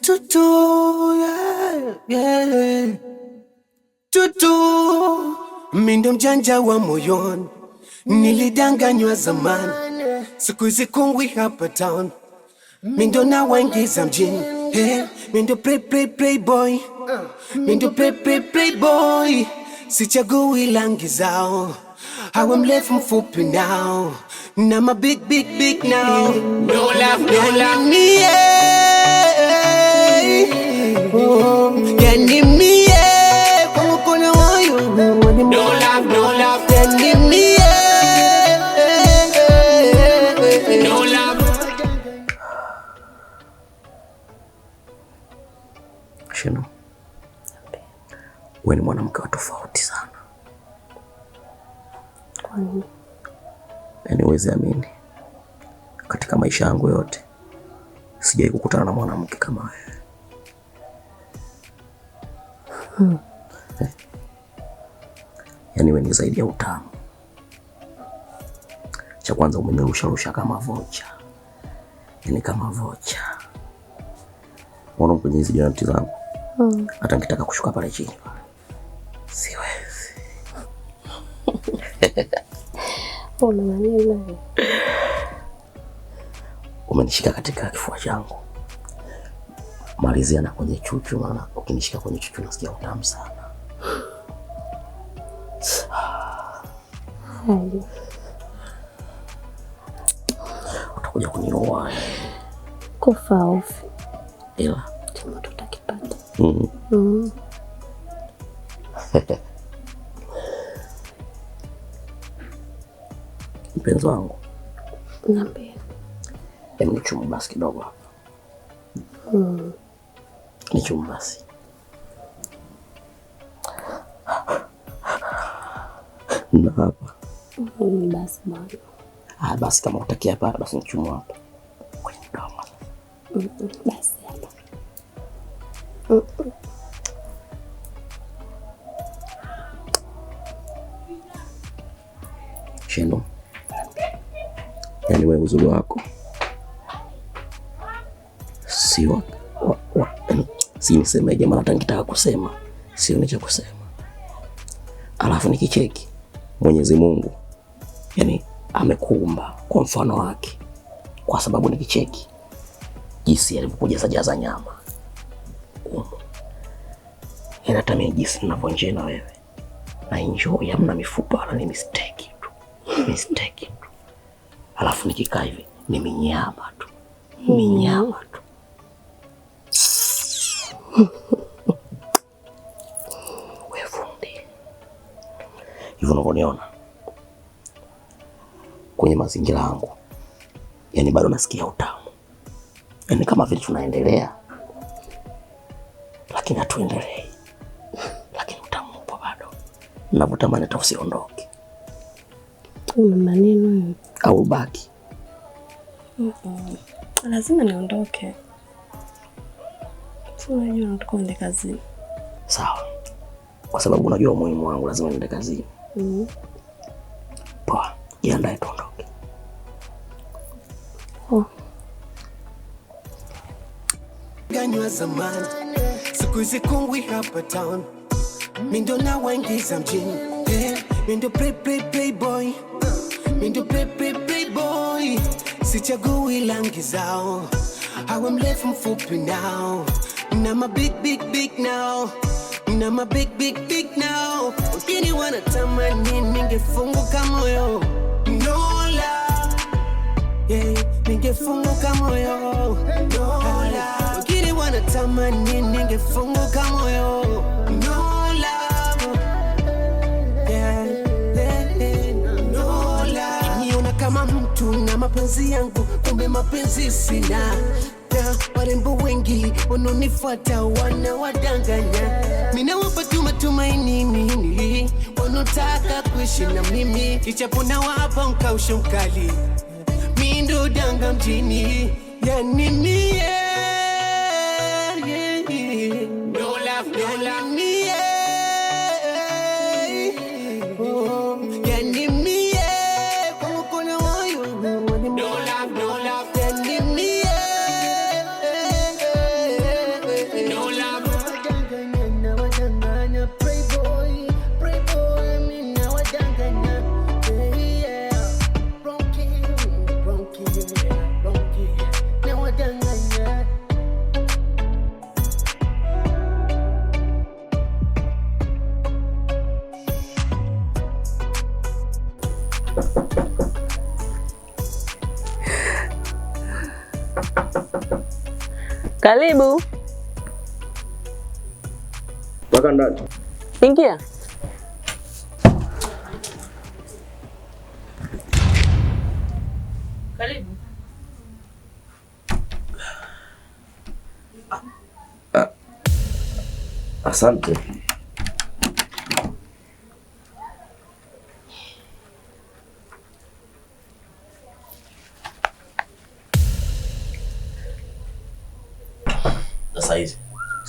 tutu, yeah, yeah. mindo mjanja wa moyoni, nilidanganywa zamani, siku hizi kungwi hapa town, mindo na waingiza mjini, hey, mindo play play play boy, mindo play play play boy, sichagui langi zao, hawa mrefu mfupi nao, na ma big big big now, no love, no yaani love. yeah. Yani mie wewe ni mwanamke wa tofauti sana. Kwa nini? uwezi amini, katika maisha yangu yote sijai kukutana na mwanamke kama wewe hmm. Eh. Yaani wewe ni zaidi ya utamu. Cha kwanza umenirusharusha kama vocha, yaani kama vocha Mbona kwenye hizi janati zangu hmm. Hata nikitaka kushuka pale chini siwezi. Unanania nani? Umenishika katika kifua changu malizia na kwenye chuchu, maana ukinishika kwenye chuchu nasikia utamu sana. Utakuja kunioa kufa hofu, ila chama tutakipata. Mm-hmm. Mm. mpenzi wangu, nambia, hebu chuma basi kidogo hapa. Mm ni chumbasi. Na hapa basi bwana. Ah, basi kama utaki hapa basi nichumua hapa kwenye mdomo. Basi hapa. Shendo. Yaani wewe uzuri wako. Siwa si nisemeje? Maana hata nikitaka kusema sioni cha kusema, alafu nikicheki Mwenyezi Mungu yani amekuumba kwa mfano wake, kwa sababu nikicheki jinsi alivyokujaza sajaza nyama um, hata mimi jinsi ninavyonje na wewe na enjoy, amna mifupa na ni mistake tu mistake tu, alafu nikikaa hivi ni minyama tu minyama tu wefundi hivyo unavyoniona kwenye mazingira yangu, yani bado nasikia utamu, yani kama vile tunaendelea, lakini hatuendelei, lakini utamu upo bado, navyotamani hata usiondoke. Maneno au baki? mm -mm. Lazima niondoke. Unajua nataka uende kazini. Sawa, kwa sababu unajua umuhimu wangu, lazima niende kazini. mm Poa, jiandae tuondoke. oh. Ganywa zamani, siku hizi kungwi hapa town, mimi ndo za mjini, mimi eh, ndo play play play boy, mimi ndo play play play boy, sichagui langi zao, hawa mrefu mfupi now I'm a big big big now I'm a big big big now, Skinny wanna tell my name, fungo wanatamani ningefunguka No Nola, yeah, fungo No Skinny wanna ningefunguka moyo Nola, wengine wanatamani ningefunguka moyo Nola, yeah, yeah, yeah, Nola, niona kama mtu na mapenzi yangu, kumbe mapenzi sina warembo wengi wanaonifuata wanawadanganya, minawapa tu matumaini mimi, wanaotaka kuishi na mimi, kichapo na wapa mkausho mkali, mindo danga mjini, yanimie mie Karibu. Paka ndani. Ingia. Karibu. Ah. Asante.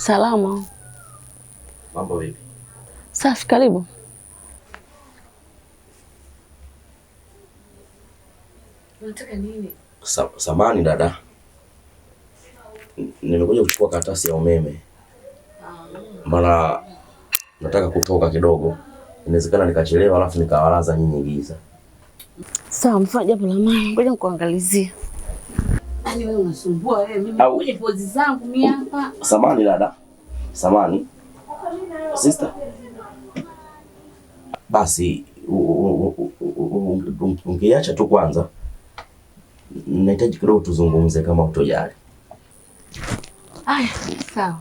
Salama. Mambo vipi? Safi, karibu. Unataka nini? Sa samani dada, nimekuja kuchukua karatasi ya umeme ah. mara nataka kutoka kidogo, inawezekana nikachelewa, alafu nikawalaza nyinyi giza. Sawa, mfanya jambo la maana, ngoja nikuangalizie. Yaani wewe unasumbua wewe, mimi pozi zangu mimi hapa. Samani dada. Samani. Sister. Basi ungeacha tu kwanza. Nahitaji kidogo tuzungumze kama utojali. Aya, sawa.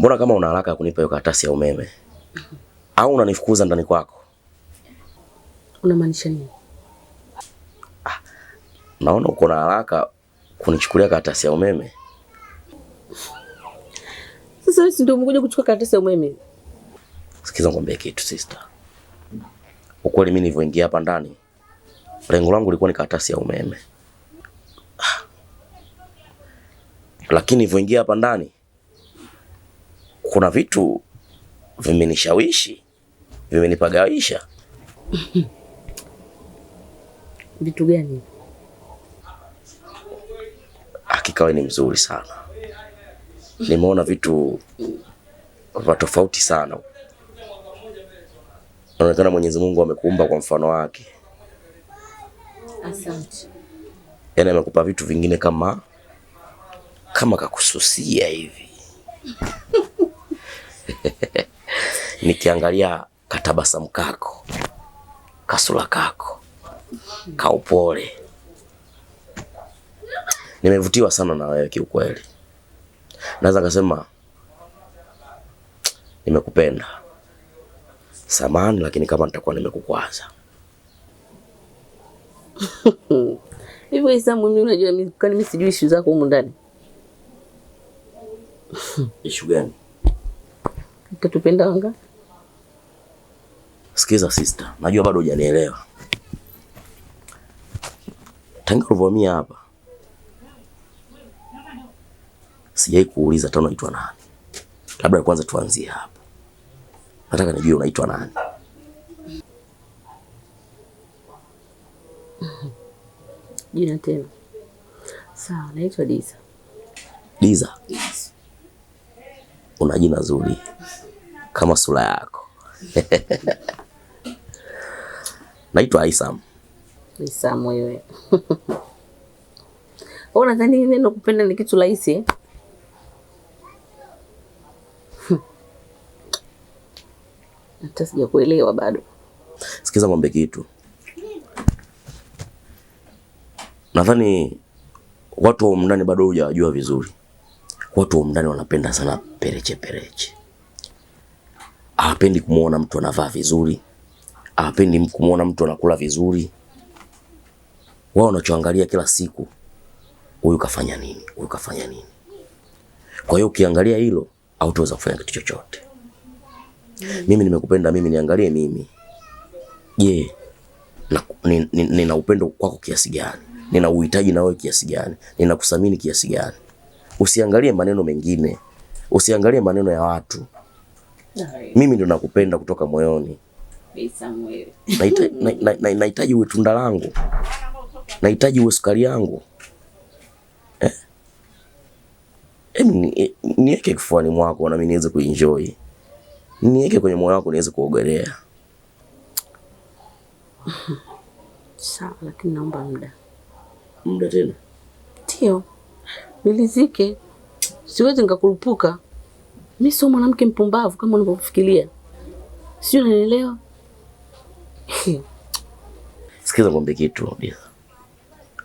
mbona kama una haraka ya kunipa hiyo karatasi ya umeme au unanifukuza ndani kwako? Unamaanisha nini? Ah, naona uko na haraka kunichukulia karatasi ya umeme. Sasa wewe ndio umekuja kuchukua karatasi ya umeme? Sikiza nikwambie kitu sister. Ukweli mimi nilivyoingia hapa ndani lengo langu lilikuwa ni karatasi ya umeme. Ah. Lakini nilivyoingia hapa ndani kuna vitu vimenishawishi, vimenipagawisha. Vitu gani? Hakika wewe ni mzuri sana, nimeona vitu vya tofauti sana. Unaonekana Mwenyezi Mungu amekuumba kwa mfano wake. Asante. Yaani amekupa vitu vingine kama kama kakususia hivi nikiangalia katabasamu kako, kasura kako, kaupole, nimevutiwa sana na wewe kiukweli. Naweza kasema nimekupenda samani, lakini kama nitakuwa nimekukwaza hivyo Isamu, mimi unajua mimi sijui ishu zako humu ndani. Ishu gani? ketupendanga. Sikiza sister, najua bado hujanielewa. Tangu ulivyohamia hapa sijai kuuliza hata unaitwa nani. Labda ya kwanza tuanzie hapa nataka nijue unaitwa nani? Jina tena? Sawa, naitwa Diza. Diza, una jina zuri kama sura yako. Naitwa Isam. Isam wewe. Nadhani neno kupenda ni kitu rahisi. Hata sijakuelewa bado. Sikiza mwambe kitu. Nadhani watu wa mndani bado hujawajua vizuri. Watu wa mndani wanapenda sana pereche pereche hawapendi kumuona mtu anavaa vizuri, hawapendi kumuona mtu anakula vizuri. Wao wanachoangalia kila siku, huyu kafanya nini, huyu kafanya nini. Kwa hiyo ukiangalia hilo, hautaweza kufanya kitu chochote. Mimi nimekupenda mimi, niangalie mimi. Je, nina upendo kwako kiasi gani? Nina uhitaji na wewe kiasi gani? Ninakuthamini kiasi gani? Usiangalie maneno mengine, usiangalie maneno ya watu. Mimi ndo nakupenda kutoka moyoni. Nahitaji na, na, na, na uwe tunda langu, nahitaji uwe sukari yangu eh? Eh, niweke e, kifuani mwako nami niweze kuenjoy, niweke kwenye moyo wako niweze kuogelea. Sawa, lakini naomba muda. Muda tena? Ndio nilizike, siwezi nikakurupuka mi sio mwanamke mpumbavu kama unavyofikiria, sijui unanielewa. Sikiza mwambie kitu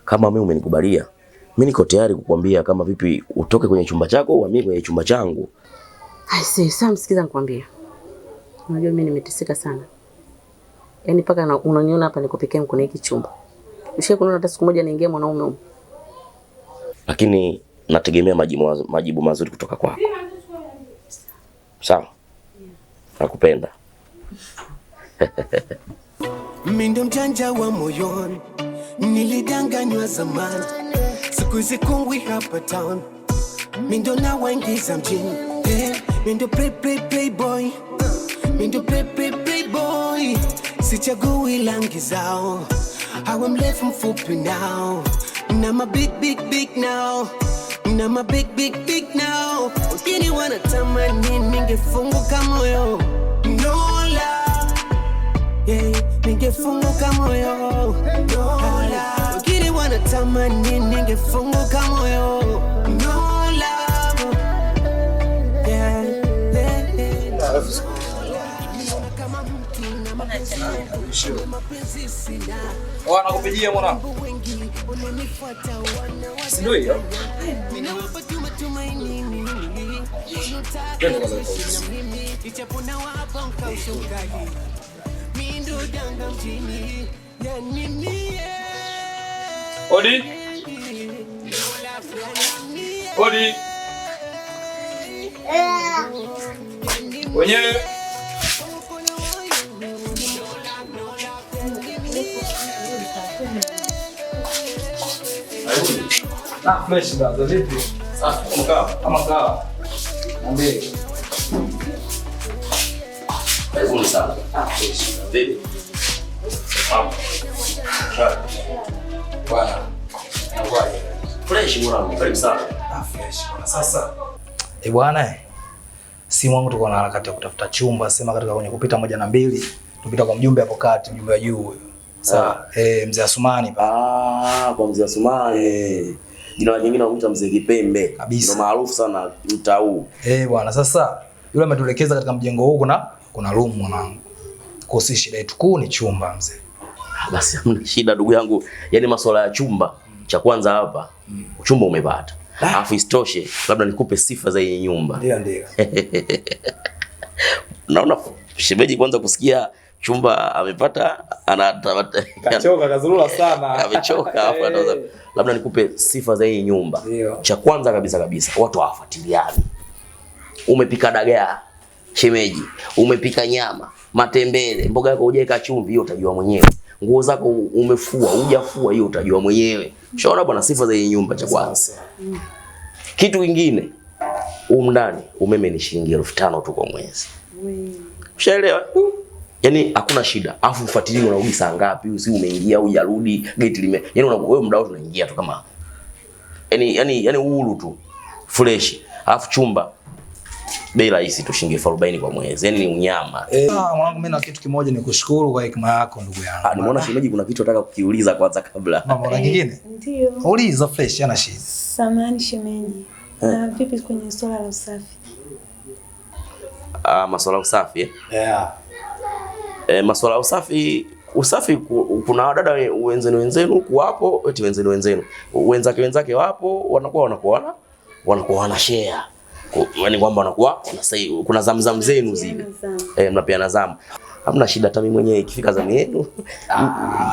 kama mi umenikubalia, mi niko tayari kukwambia kama vipi utoke kwenye chumba chako uhamie kwenye chumba changu. Sasa msikiza nikwambie, unajua mi nimeteseka sana, yaani mpaka unaniona hapa niko peke yangu kwenye hiki chumba. Ushawahi kuniona hata siku moja naingia mwanaume? Lakini nategemea majibu mazuri kutoka kwako sawa? Nakupenda. Mimi ndo mjanja wa moyoni, nilidanganywa zamani, siku hizi kongwi hapa town, mimi ndo nawaingiza mjini, mimi eh, ndo play play play boy, mimi ndo play play play boy, sichagui rangi zao, hawe mrefu mfupi now, na ma big big big now, na ma big big big now Maskini wanatamani ningefunguka moyo, no love, yeah, ningefunguka moyo, no love. Maskini wanatamani ningefunguka moyo, no love, yeah, yeah, yeah. Wanakupigia mwanangu, si ndio hiyo? Odi. Odi. Wenyewe. Ah, fresh brother, vipi? Sasa ah, mkaa, kama kawa. Karibuni ah, ah, eh, bwana simu wangu tuko na harakati ya kutafuta chumba, sema katika kwenye kupita moja na mbili tupita kwa mjumbe hapo kati, mjumbe wa juu Sawa. Ah. Eh, mzee Asumani. Ah, kwa mzee Asumani jina jingine wamuita mzee Kipembe kabisa, ndo maarufu sana mtaa huu eh bwana. Sasa yule ametuelekeza katika mjengo huu kuna kuna room mwanangu, kwa shida yetu kuu ni chumba mzee. Ah, basi hamna shida ndugu yangu, yani masuala ya chumba cha kwanza hapa mm. Chumba umepata, ah. alafu isitoshe labda nikupe sifa za hii nyumba. Ndio ndio naona shemeji kwanza kusikia chumba amepata, anatamata kachoka kazurura sana amechoka hapo. anaweza Labda nikupe sifa za hii nyumba. Dio. Cha kwanza kabisa kabisa, watu hawafuatiliani. Umepika dagaa shemeji, umepika nyama, matembele, mboga yako hujaweka chumvi, hiyo utajua mwenyewe. Nguo zako umefua hujafua, hiyo utajua mwenyewe. Ushaona bwana, sifa za hii nyumba, cha kwanza. Mm. Kitu kingine umndani, umeme ni shilingi elfu tano tu kwa mwezi, ushaelewa? Yaani hakuna shida. Alafu ufuatilie unarudi saa ngapi? Usi umeingia au yarudi gate lime. Yaani unakuwa wewe muda wote unaingia tu kama. Yaani yaani yaani uhuru tu. Fresh. Alafu chumba bei rahisi tu shilingi elfu arobaini kwa mwezi. Yaani ni unyama. Eh, ah, mwanangu mimi na kitu kimoja ni kushukuru kwa hekima yako ndugu yangu. Ah, nimeona shemeji kuna vitu nataka kukiuliza kwanza kabla. Mambo na kingine? Ndio. Uliza fresh ana shida. Samani shemeji. Eh. Na vipi kwenye swala la usafi? Ah, masuala ya usafi eh? Yeah e, masuala ya usafi usafi kuna wadada wenzenu wenzenu kuwapo eti wenzenu wenzenu wenzake wenzake wapo, wanakuwa wanakuona wanakuwa wana share, yani kwamba wanakuwa kuna zamzam zenu zile eh, na zamu, hamna shida. Hata mwenyewe ikifika zamu yenu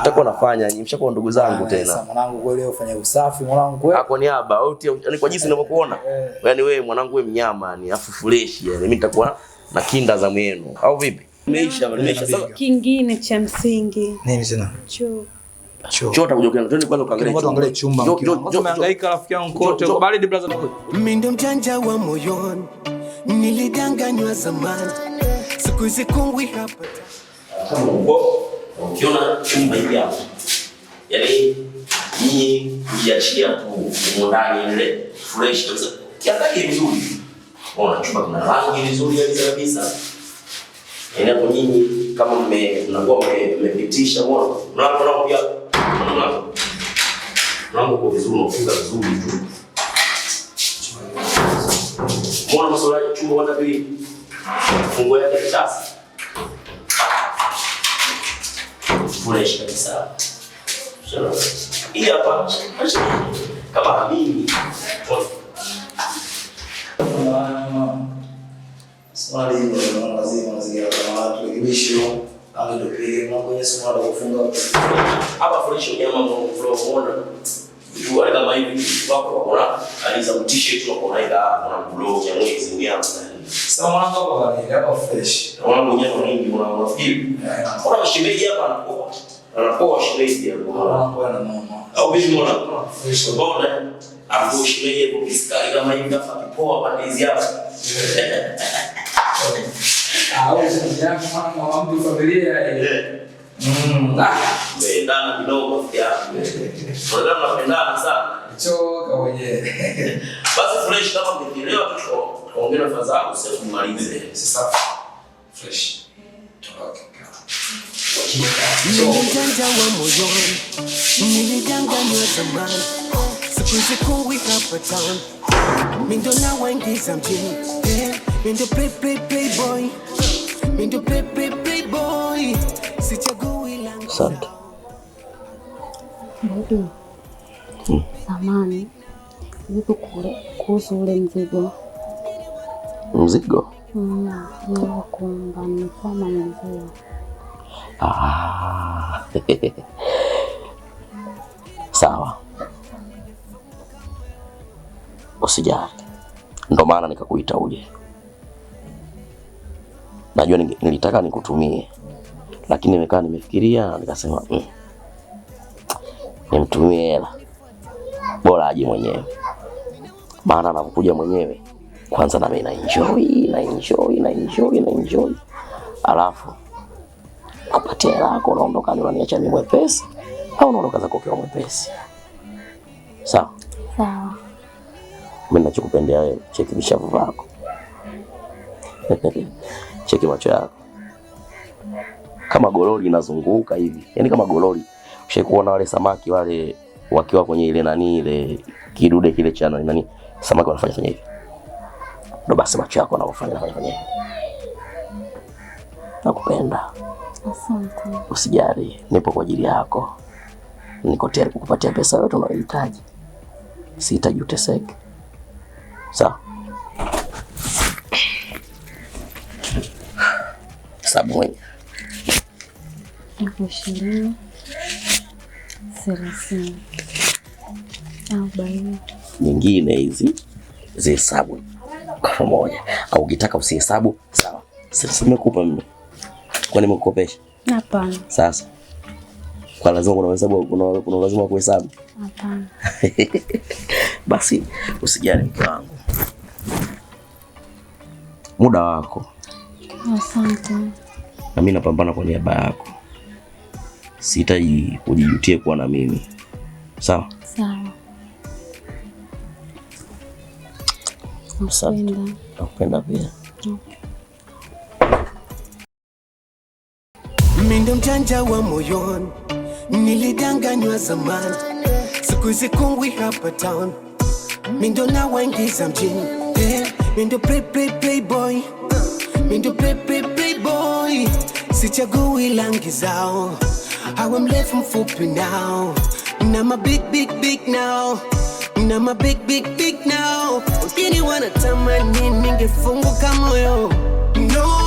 mtakuwa ah. nafanya, nyinyi mshakuwa ndugu zangu ah, tena. Mwanangu kwa leo fanya usafi, mwanangu kwa hapo ni haba, yani kwa jinsi ninavyokuona, eh, eh. yani wewe mwanangu wewe mnyama, ni afu fresh, yani mimi nitakuwa na kinda zamu yenu au vipi? Meisha bwana, Sasa kingine cha msingi. Nini tena? Choo. Choo takuja kuangalia. Twende kwanza ukaangalie. Watu angalie chumba mkio. rafiki yangu kote. Baridi brother Mimi ndo mjanja wa moyoni. Nilidanganywa zamani. Siku hizi kungwi hapa. Ukiona chumba hili hapa. Yaani ni kujiachia tu ndani ile fresh kabisa. Kiangalie vizuri. Ona chumba kina rangi nzuri kabisa. Endapo nyinyi kama mnakuwa mmepitisha mwanzo, mlango nao pia mlango mlango kwa vizuri, unafunga vizuri tu. Mwana masuala ya chumba kwanza pili, fungo yake ni chafu, fureshi kabisa. Hii hapa kama hamini ah, swali hilo lazima mazingira kama watu elimisho au ndio pili mambo ya somo la kufunga hapa fundisho jamaa mambo flow muona wale kama hivi wako wanaona aliza mtishe tu kwa naenda kuna blow ya mwezi mwingine sasa mwanzo kwa kwa kani hapa fresh wangu kwa wengi una unafikiri kuna shemeji hapa anapoa anapoa shemeji hapo anapoa na mama au vipi muona fresh bona afu shemeji hapo biskari kama hivi kafa kipoa pande hizi hapa au mama mtu familia yeye kidogo sana choka wenyewe basi fresh kama mkielewa tuko tuongee na fadhaa usije kumalize sasa fresh Nilijanja wa moyoni, nilijanganiwa zamani, siku hizi hapa town, mindo na waingiza mjini Mendo play play play boy. Mendo play play play boy. Sichagui langu. Asante. Rudi. Samani. Vipi kuhusu ule mzigo? Mzigo? Mm, ndio kumba ni mzigo. Ah. Sawa. Usijali. ndo maana nikakuita uje najua nilitaka nikutumie, lakini nimekaa nimefikiria, nikasema mm, nimtumie hela bora aje mwenyewe, maana anapokuja mwenyewe kwanza nami na enjoy na enjoy na enjoy na enjoy, alafu kupatia hela yako unaondoka, unaniacha mimi mwepesi au unaondoka zako ukiwa mwepesi? Sawa sawa. Mimi nachokupendea wewe, cheki vishavu Cheki macho yako kama gololi inazunguka hivi, yani kama gololi. Ushaikuona wale samaki wale wakiwa kwenye ile nani, ile kidude kile cha nani, samaki wanafanya fanya hivi, ndo basi macho yako yanafanya fanya hivi. Nakupenda, asante, usijali, nipo kwa ajili yako, niko tayari kukupatia pesa yote unayohitaji, sihitaji uteseke, sawa? sabuni elfu ishirini thelathini arobaini nyingine hizi zihesabu kwa moja, au ukitaka usihesabu sawa. Sasa nimekupa mimi, kwa nini nimekukopesha? Hapana. Sasa kwa lazima kuna hesabu, kuna kuna lazima kuhesabu? Hapana. Basi usijali, mke wangu, muda wako. Asante na mimi napambana kwa niaba yako, sitaji kujijutia kuwa na mimi. Sawa sawa, nakupenda pia. Mimi ndo mjanja wa moyoni, nilidanganywa zamani, siku hizi kungwi hapa town, mimi ndo nawaingiza mjini, eh, mimi ndo play play play boy, mimi ndo play play sichagui, sichagui rangi zao, awe mrefu mfupi nao, na ma big big big nao, na big big big nao, wengine wanatamani ningefunguka moyo no.